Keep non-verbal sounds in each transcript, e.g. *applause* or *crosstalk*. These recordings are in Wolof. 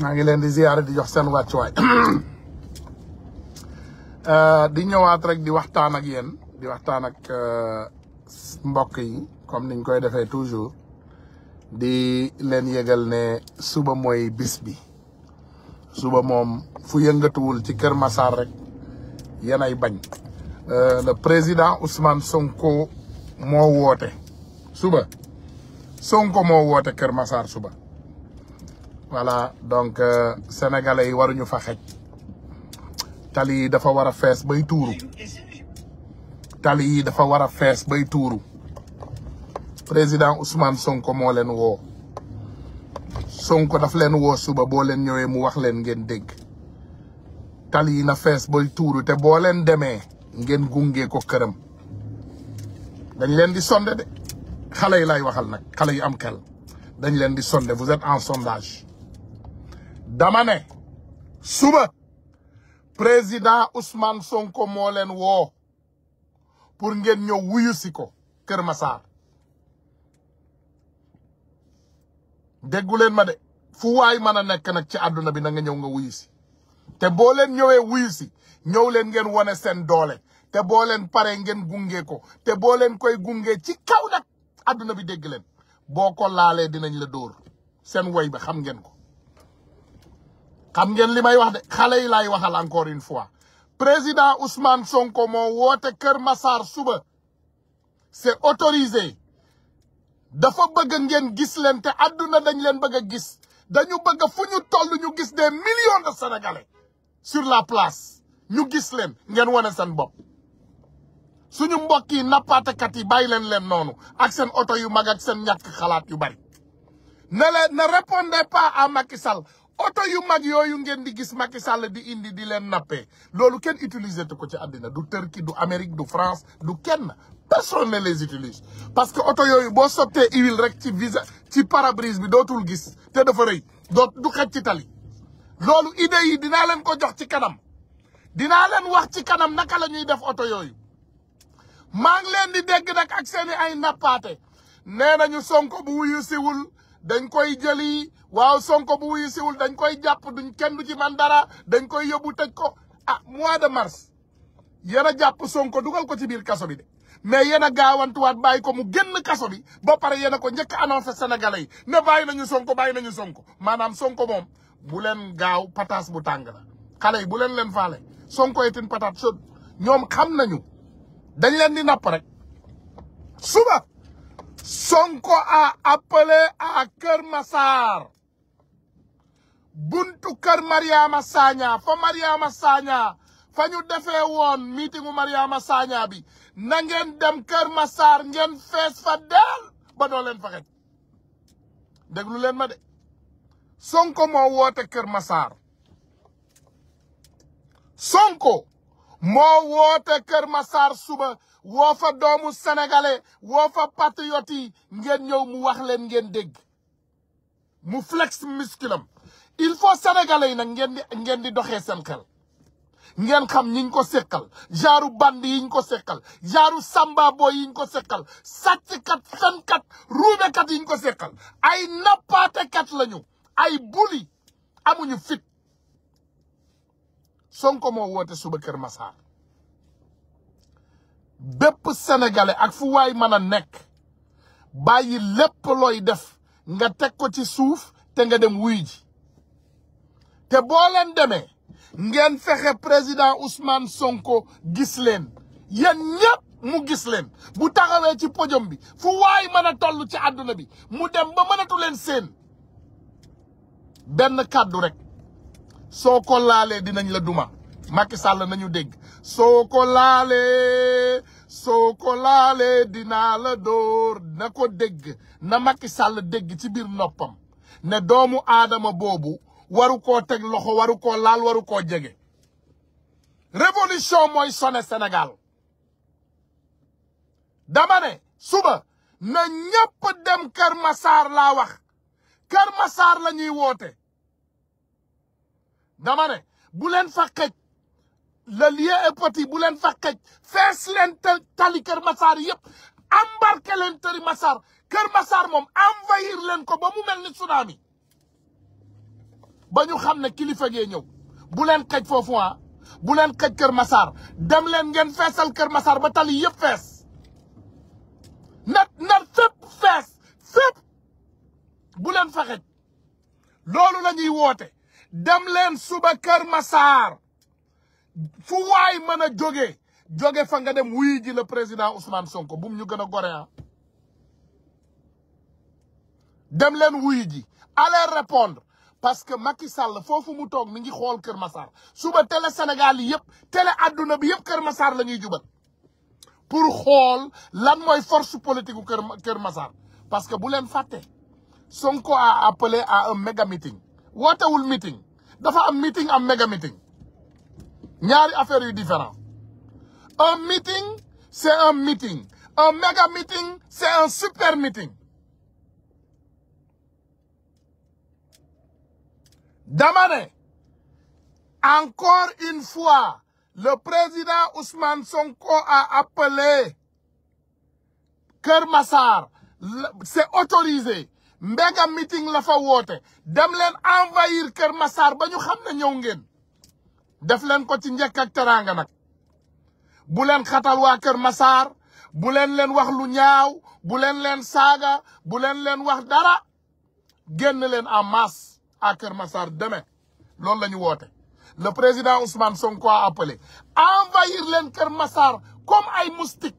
maa ngi leen di ziyaare di jox seen wàccuwaay *coughs* euh, di ñëwaat rek di waxtaan ak yéen di waxtaan ak euh, mbokk yi comme niñ koy defee toujours di leen yëgal ne suba mooy bis bi suba moom fu yëngatuwul ci Kër Massar rek yéen ay bañ euh, le président Ousmane Sonko moo woote suba Sonko moo woote Kër Massar suba voilà donc euh, sénégalais yi waruñu fa xej tali yi dafa war a fees bay tuuru tali yi dafa war a fees bay tuuru président Ousmane Sonko moo leen woo Sonko daf leen woo suba boo leen ñëwee mu wax leen ngeen dégg tali yi na fees bay tuuru te boo leen demee ngeen gunge ko këram dañ leen di sonde de xale yi lay waxal nag xale yu am kel dañ leen di sonde vous êtes en sondage dama ne suba président Ousmane Sonko moo leen woo pour ngeen ñëw wuyu si ko Kër Massar déggu leen ma de fu waay mën a nekk nag ci àdduna bi na nga ñëw nga wuyusi te boo leen ñëwee wuyu si ñëw leen ngeen wane seen doole te boo leen pare ngeen gunge ko te boo leen koy gunge ci kaw nag àdduna bi dégg leen boo ko laalee dinañ la dóor seen woy bi xam ngeen ko xam ngeen li may wax de xale yi laay waxal encore une fois président Ousmane Sonko moo woote Kër Massar suba c'est autorisé dafa bëgg ngeen gis leen te àdduna dañ leen bëgg a gis dañu bëgg fu ñu toll ñu gis des millions de sénégalais sur la place ñu gis leen ngeen wane seen bopp. suñu mbokk yi nappaatekat yi bay leen leen noonu ak seen oto yu mag ak seen ñàkk xalaat yu bari ne leen ne répondez pas à Macky Sall oto yu mag yooyu ngeen di gis Macky Sall di indi di leen nappee loolu kenn utiliser te ko ci àddina du Turquie du Amérique du France du kenn personne ne les utilise parce que oto yooyu boo sottee huile rek ci visa ci parabrise bi dootul gis te dafa rëy doo du xaj ci tali loolu idée yi dinaa leen ko jox ci kanam dinaa leen wax ci kanam naka la ñuy def oto yooyu maa ngi leen di dégg nag ak seeni ay nappaate nee nañu Sonko bu wuyu siwul dañ koy jëli waaw Sonko bu wuyu siwul dañ koy jàpp duñ kenn du ci man dara dañ koy yóbbu tëj ko ah mois de mars yéen a jàpp Sonko dugal ko ci biir kaso bi de mais yéen a gaawantuwaat bàyyi ko mu génn kaso bi ba pare yéen a ko njëkk annoncé sénégalais yi ne bàyyi nañu Sonko bàyyi nañu Sonko maanaam Sonko moom bu leen gaaw pataas bu tàng la xale yi bu leen leen faale Sonko est une patate chaude ñoom xam nañu dañ leen di napp rek suba Sonko a appelé à Kër Massar buntu kër Mariama Sagna fa Mariama Sagna fa ñu defee woon meetingu Mariama Sagna bi na ngeen dem kër masaar ngeen fees fa deel ba doo leen fa xej déglu leen ma de Sonko moo woote kër Massar Sonko moo woote kër Massar suba woo fa doomu sénégalais woo fa patriote ngeen ñëw mu wax leen ngeen dégg mu flex musculam il faut sénégalais yi nag ngeen di ngeen di doxee seen xel ngeen xam ñiñ ko sekkal jaaru band yiñ ko sekkal jaaru samba boy yiñ ko sekkal sàcckat fenkat ruubekat yiñ ko sekkal ay nappaatekat lañu ay buli amuñu fit ko moo woote suba Kër Massar bépp sénégalais ak fu waay mën a nekk bàyyi lépp looy def nga teg ko ci suuf te nga dem wuy ji te boo leen demee ngeen fexe président Ousmane Sonko gis leen yéen ñëpp mu gis leen bu taxawee ci podium bi fu waay mën a toll ci àdduna bi mu dem ba mënatu leen seen benn kàddu rekk soo ko laalee dinañ la duma makki sàll nañu dégg soo ko laalee soo ko laalee dinaa la dóor na ko dégg na makki sàll dégg ci biir noppam ne doomu aadama boobu waru koo teg loxo waru koo laal waru koo jege révolution mooy sone Sénégal dama suba na ñëpp dem Kër masar laa wax Kër Massar la ñuy woote dama ne bu fa xëj le lieu est bu leen fa xëj fees leen tali Kër Massar yëpp embarqué leen tëri Massar Kër Massar moom envahir leen ko ba mu mel ni tsunami ba ñu xam ne kilifa gee ñëw bu leen xaj foofu ah bu leen xaj Kër Massar dem leen ngeen feesal Kër Massar ba tali yëpp fees na na fees fépp bu leen fa loolu la ñuy woote dem leen suba Kër Massar fu waay mën a jógee jóge fa nga dem wuy ji le président Ousmane Sonko bum ñu gën a gore ah dem leen wuy ji parce que Macky Sall foofu mu toog mi ngi xool Kër Massar suba tele Sénégal yi yëpp télé adduna bi yëpp Kër masaar la ñuy jubat pour xool lan mooy force politique gu Kër Kër Massar parce que bu leen fàtte Sonko a appelé à un méga meeting wootewul meeting dafa am meeting am méga meeting ñaari affaires yu différent un meeting c'est un meeting un méga meeting c'est un super meeting dama ne encore une fois le président Ousmane Sonko a appelé Kër Massar c'est autorisé mbéga meeting la fa woote dem leen envahir Kër masar ba ñu xam ne ñëw ngeen def leen ko ci njëkk ak teraanga nag bu leen xatal Kër masar buleen leen wax lu ñaaw bu leen leen saaga bu leen wax dara génn leen en masse à Kermassar demain loolu la ñu woote le président Ousmane Sonko a appelé envahir leen Kermassar comme ay moustique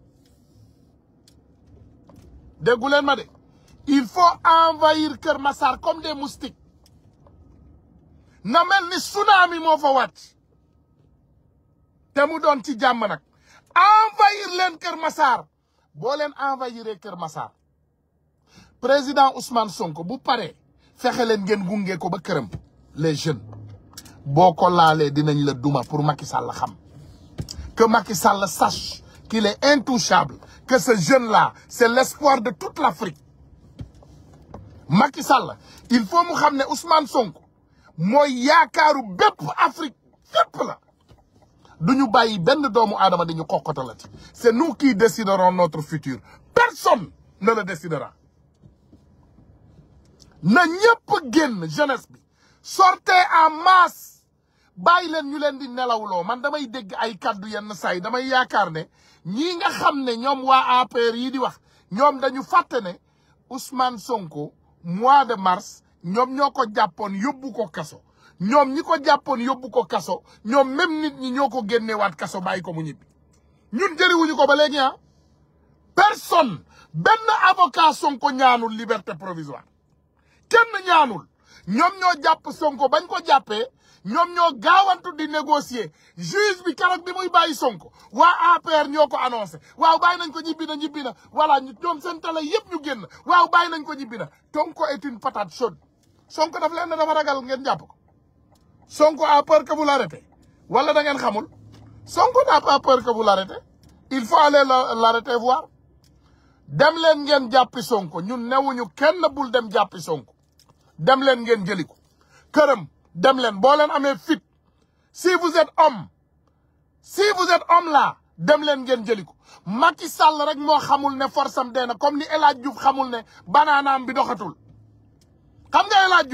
déggu leen ma de il faut envahir Kermassar comme des moustiques na mel ni tsunami moo fa wàcc te mu doon ci jàmm nag envahir leen Kermassar boo leen envahiree Kermassar président Ousmane Sonko bu pare fexe leen ngeen gunge ko ba këram les jeunes boo ko laalee dinañ la duma pour Macky Sall xam que Macky Sall sache qu'il est intouchable que ce jeune là c'est l'espoir de toute l'Afrique Macky Sall il faut mu xam ne Ousmane Sonko mooy yaakaaru bépp Afrique fépp la du ñu bàyyi benn doomu aadama dañu kokkotalati c'est nous qui déciderons notre futur personne ne le décidera na ñëpp génn jeunesse bi sortez en masse bàyyi leen ñu leen di nelawuloo man damay dégg ay kaddu yenn saa damay yaakaar ne ñii nga xam ne ñoom waa APR yi di wax ñoom dañu fàtte ne Ousmane Sonko mois de mars ñoom ñoo ko jàppoon yóbbu ko kaso ñoom ñi ko jàppoon yóbbu ko kaso ñoom même nit ñi ñoo ko génneewaat kaso bàyyi ko mu ñibbi ñun jëriwuñu ko ba léegi ah personne benn avocat Sonko ñaanul liberté provisoire kenn ñaanul ñoom ñoo jàpp Sonko bañ ko jàppee ñoom ñoo gaawantu di négocier juge bi keroog bi muy bàyyi Sonko waa APR ñoo ko annoncé waaw bàyyi nañ ko ñibbi na ñibbi na voilà ñoom seen tala yëpp ñu génn waaw bàyyi nañ ko ñibbi na Sonko est une patate chaude Sonko daf leen ne dafa ragal ngeen jàpp ko Sonko a peur que vous l'arrêtez wala da ngeen xamul Sonko n'a pas peur que il faut aller l'arrêter voir dem leen ngeen jàppi Sonko ñun newuñu kenn bul dem jàppi Sonko dem leen ngeen jëli ko këram dem leen boo leen amee fit si vous êtes om si vous êtes homme là dem leen ngeen jëli ko Macky Sall rek moo xamul ne forsam am dee na comme ni El Hadj Diouf xamul ne banaanaam bi doxatul xam nga El Hadj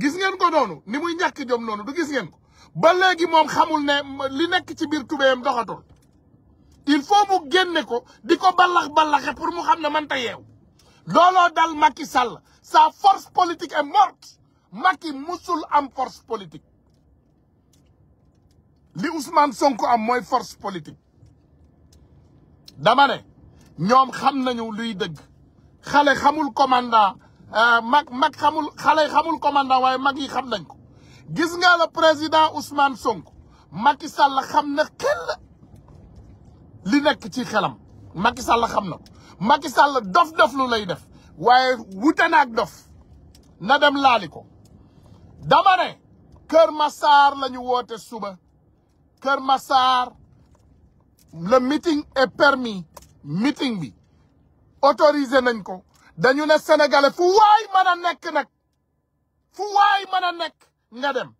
gis ngeen ko noonu ni muy ñàkk jom noonu du gis ngeen ko ba léegi moom xamul ne li nekk ci biir tubéyam doxatul il faut mu génne ko di ko ballax ballaxe pour mu xam ne manta ta yeew looloo dal Macky sa force politique est morte maki musul am force politique li Ousmane Sonko am mooy force politique dama ne ñoom xam nañu luy dëgg xale xamul commandant euh, mag mag xamul xale xamul commandant waaye mag yi xam nañ ko gis nga le président Ousmane Sonko maki Sall xam na xel li nekk ci xelam Macky Sall xam na maki Macky Sall dof-dof lu lay def waaye wute naag dof na dem laali ko dama Kër Massar lañu woote suba Kër Massar le meeting est permis meeting bi autorisé nañ ko dañu ne sénégalais fu waay mën a nekk nag fu waay mën a nekk nga dem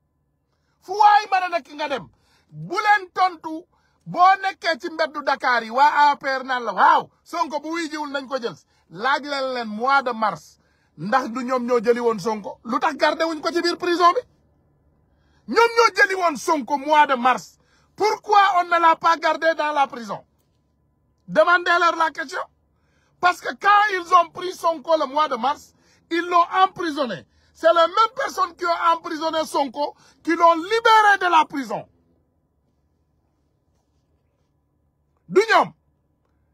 fu waay mën a nekk nga dem bu tontu boo nekkee ci mbeddu Dakar yi waa APR na la waaw Sonko bu wuy jiwul nañ ko jël laaj leen leen mois de mars ndax du ñoom ñoo jëli woon Sonko lu tax gardé wuñ ko ci biir prison bi ñoom ñoo jëli Sonko mois de mars pourquoi on ne l'a pas gardé dans la prison demandez-leur la question parce que quand ils ont pris Sonko le mois de mars ils l'ont emprisonné c'est les mêmes personnes qui ont emprisonné Sonko qui l'ont libéré de la prison du ñoom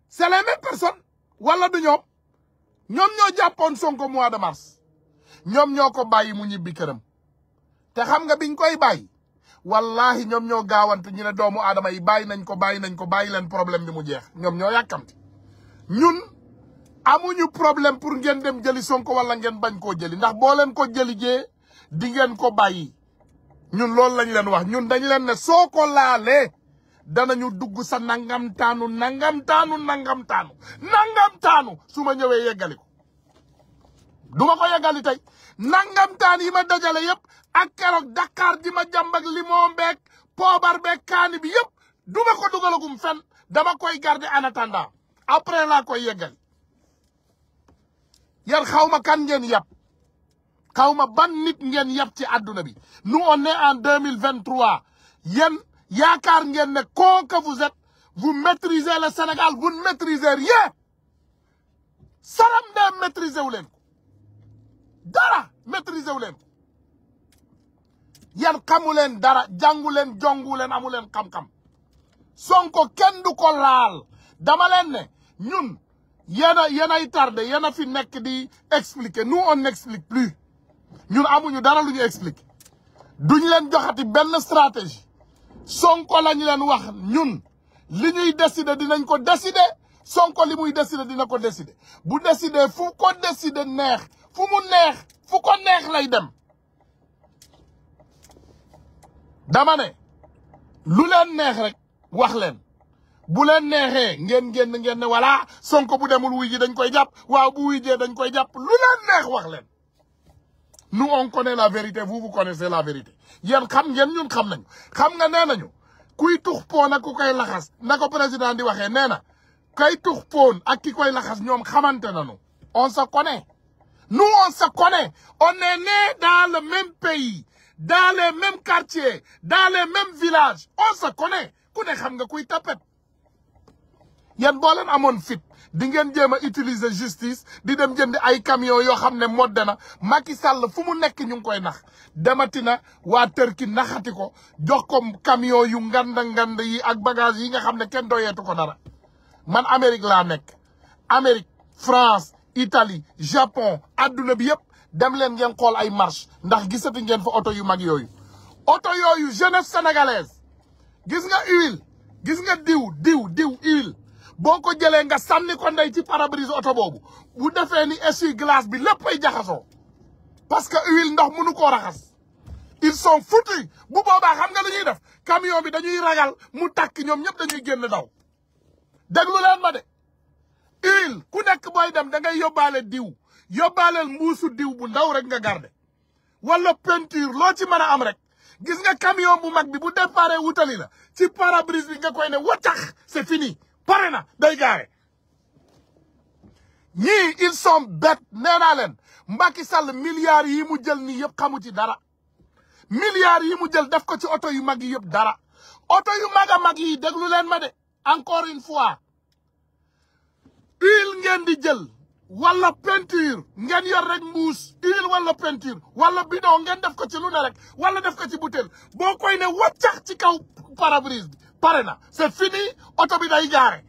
c'est les mêmes personnes wala du ñoom ñoom ñoo jàppoon Sonko mois de mars ñoom ñoo ko bàyyi mu ñibbi këram te xam nga biñ koy bàyyi wallahi ñoom ñoo gaawante ñu ne doomu aadama yi bàyyi nañ ko bàyyi nañ ko bàyyi leen problème bi mu jeex ñoom ñoo yàkkamti ñun amuñu problème pour ngeen dem jëli Sonko wala ngeen bañ koo jëli ndax boo leen ko jëli jee di ngeen ko bàyyi ñun loolu lañ leen wax ñun dañ leen ne soo ko laalee danañu dugg sa nangam taanu nangam taanu nangam taanu su ma ñëwee yeggali ko du ma ko yeggali tey nangam yi ma dajale yëpp ak keroog Dakar di ma jàmb ak limon beeg poobar beeg kaani bi yëpp du ma ko dugalagum fenn dama koy garder en attendant après laa koy yeggali yar xaw ma kan ngeen yàpp xaw ban nit ngeen yàpp ci àdduna bi nous on est en deux mille vingt trois yaakaar ngeen ne con que vous êtes vous maîtrisez le Sénégal vous ne maîtrisez rien saram de maîtriser wu leen ko dara maîtriser wu leen ko yan xamu leen dara jàngu leen jongu leen amu leen xam-xam Sonko kenn du ko laal dama leen ne ñun yéen a yéen ay tardé yéen a fi nekk di expliqué nous on n'explique plus ñun amuñu dara lu ñu expliquer ñu leen joxati benn stratégie sonko lañu leen wax ñun li ñuy décider dinañ ko décider sonko li muy décider dina ko décider bu décider fu ko décider neex fu mu neex fu ko neex lay dem dama ne lu leen neex rek wax leen bu leen neexee ngeen génn ngeen ne voilà sonko bu demul wuy ji dañ koy jàpp waaw bu wuy dañ koy jàpp lu leen neex wax leen nu on connaît la vérité vous vous la vérité yéen xam ngeen ñun xam nañu xam nga nee nañu kuy tux poon ak ku koy laxas na ko président di waxee nee na kay tux poon ak ki koy laxas ñoom xamante nañu on sa connaît nous on se connaît on est né dans le même pays dans les mêmes quartiers dans les on se connaît ku ne xam nga kuy tapet yéen boo leen amoon fit di ngeen jéem a utiliser justice di dem jëndi ay camions yoo xam ne modde na Macky Sall fu mu nekk ñu ngi koy nax demati na waa Turquie naxati ko jox ko camion yu nganda ngand yi ak bagage yi nga xam ne kenn doyeetu ko dara man Amérique laa nekk Amérique France itali Japon adduna bi yëpp dem leen ngeen xool ay marche ndax gisati ngeen fa oto yu mag yooyu oto yooyu jeunesse sénégalaise gis nga huile gis nga diw diw diw huile boo ko jëlee nga sànni ko ndey ci parabrise oto boobu bu defee ni essuie-glace bi léppay jaxasoo parce que huile ndox mënu koo raxas ils sont foutus bu boobaa xam nga lu ñuy def camion bi dañuy ragal mu takk ñoom ñëpp dañuy génn daw déglu leen ma de huile ku nekk booy dem da ngay yóbbaale diw yóbbaaleel mbuusu diw bu ndaw rek nga garde wala peinture loo ci mën a am rek gis nga camion bu mag bi bu déparé wutali la ci parabrise bi nga koy ne waccax c'est fini pare na day gaare ñii ils sont bêtes nee leen Macky Sall milliards yi mu jël ni yëpp xamu ci dara milliards yi mu jël def ko ci oto yu mag yi yëpp dara oto yu mag a mag yi déglu leen ma de encore une fois huile ngeen di jël wala peinture ngeen yor rek mbuus huile wala peinture wala bidon ngeen def ko ci lu ne rek wala def ko ci butéel boo koy ne waccax ci kaw pare pare na c'est fini oto bi day gaare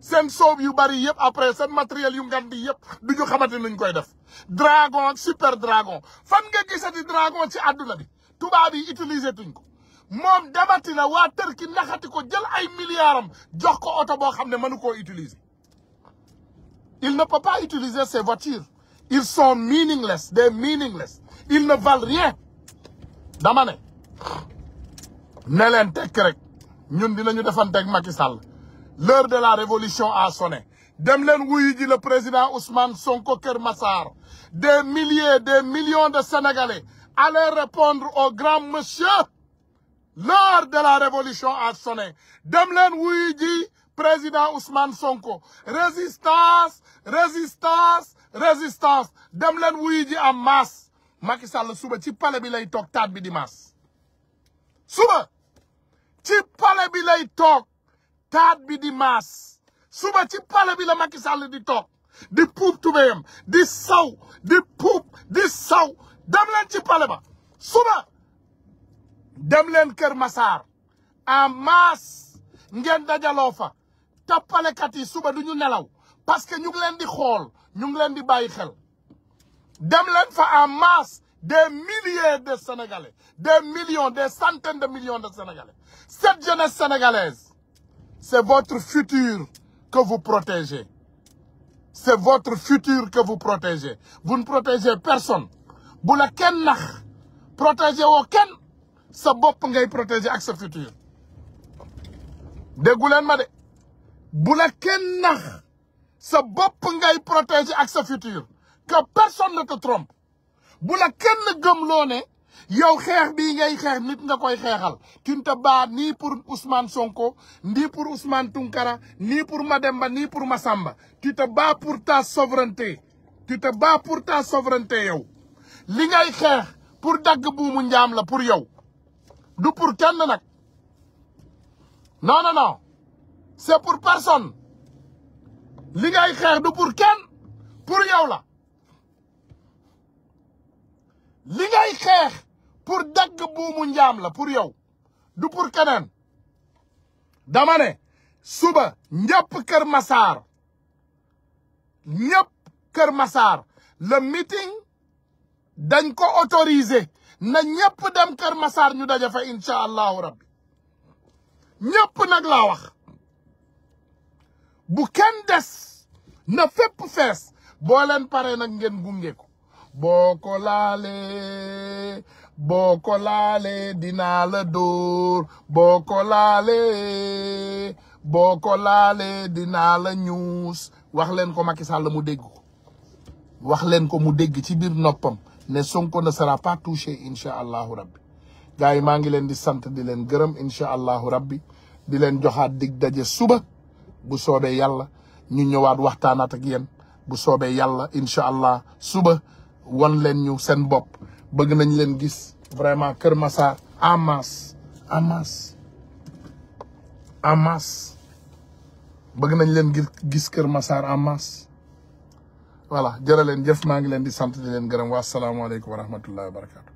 seen soob yu bari yëpp après seen matériel yu ngan di yëpp du ñu xamante nuñ koy def dragon super dragon fan nga gisati dragon ci àdduna bi tubaab yi utiliser tuñ ko moom demati na waa ki naxati ko jël ay milliards am jox ko oto boo xam ne mënu ko utiliser il ne peut pas utiliser ces voitures ils sont meaningless des meaningless ils ne valent rien dama ne ne leen rek ñu dinañu defanteeg Macky Sall l'heure de la révolution a sonné dem leen wuyu ji le président Ousmane Sonko Kër Massar des milliers des millions de Sénégalais allez répondre au grand monsieur l'heure de la révolution a sonné dem leen wuyu ji président Ousmane Sonko résistance résistance résistance dem leen wuyu ji en masse Macky Sall suba ci palais bi lay toog taat bi di masse suba ci pale bi lay toog taat bi di maas suba ci pale bi la Macky Sall di toog di puub tubéyam di saw di puub di saw dem ci pale ba suba dem leen Kër Massar en masse ngeen dajaloo fa tappalekat yi suba du ñu nelaw parce que ñu ngi leen di xool ñu ngi leen di bàyyi xel dem leen fa en masse des milliers de Sénégalais, des millions, des centaines de millions de Sénégalais. Cette jeunesse sénégalaise, c'est votre futur que vous protégez. C'est votre futur que vous protégez. Vous ne protégez personne. bu la kenn nax protégé woo kenn sa bopp ngay protéger ak sa futur déggu leen ma de bu la kenn nax sa bopp ngay protégé ak sa futur que personne ne te trompe bu la kenn gëm loo ne yow xeex bii ngay xeex nit nga koy xeexal tu ne te ni pour Ousmane Sonko ni pour Ousmane Tounkara ni pour Mademba ni pour Massamba tu te bats pour ta souveraineté tu ba bats pour ta souveraineté yow li ngay xeex pour dagg buumu njaam la pour yow du pour kenn nag non non non c'est pour personne li ngay xeex du pour kenn pour yow la li ngay xeex pour dagg buumu njaam la pour yow du pour keneen dama suba ñëpp Kër Massar ñëpp Kër Massar la meeting dañ ko autorisé na ñëpp dem Kër Massar ñu daje fa incha allahu rabbi ñëpp nag la wax bu kenn des na fépp fees boo leen paree nag ngeen gunge ko boo ko laalee boo ko laalee dinaa la dóor boo ko laalee boo ko dinaa la ñuus wax leen ko Macky Sall mu dégg ko wax leen ko mu dégg ci biir noppam ne Sonko ne sera pas touché incha allah rabbi gars yi maa ngi leen di sant di leen gërëm incha allahu rabbi di leen joxaat dig daje suba bu soobee yàlla ñu ñëwaat waxtaanaat ak yéen bu soobee yàlla incha allah suba. wan leen ñu seen bopp bëgg nañ leen gis vraiment Kër Massar en masse en masse bëgg nañ leen gis Kër Massar en masse voilà jërë leen jëf maa ngi leen di sant di leen gërëm wa salaamualeykum wa rahmatullahi wa barakatu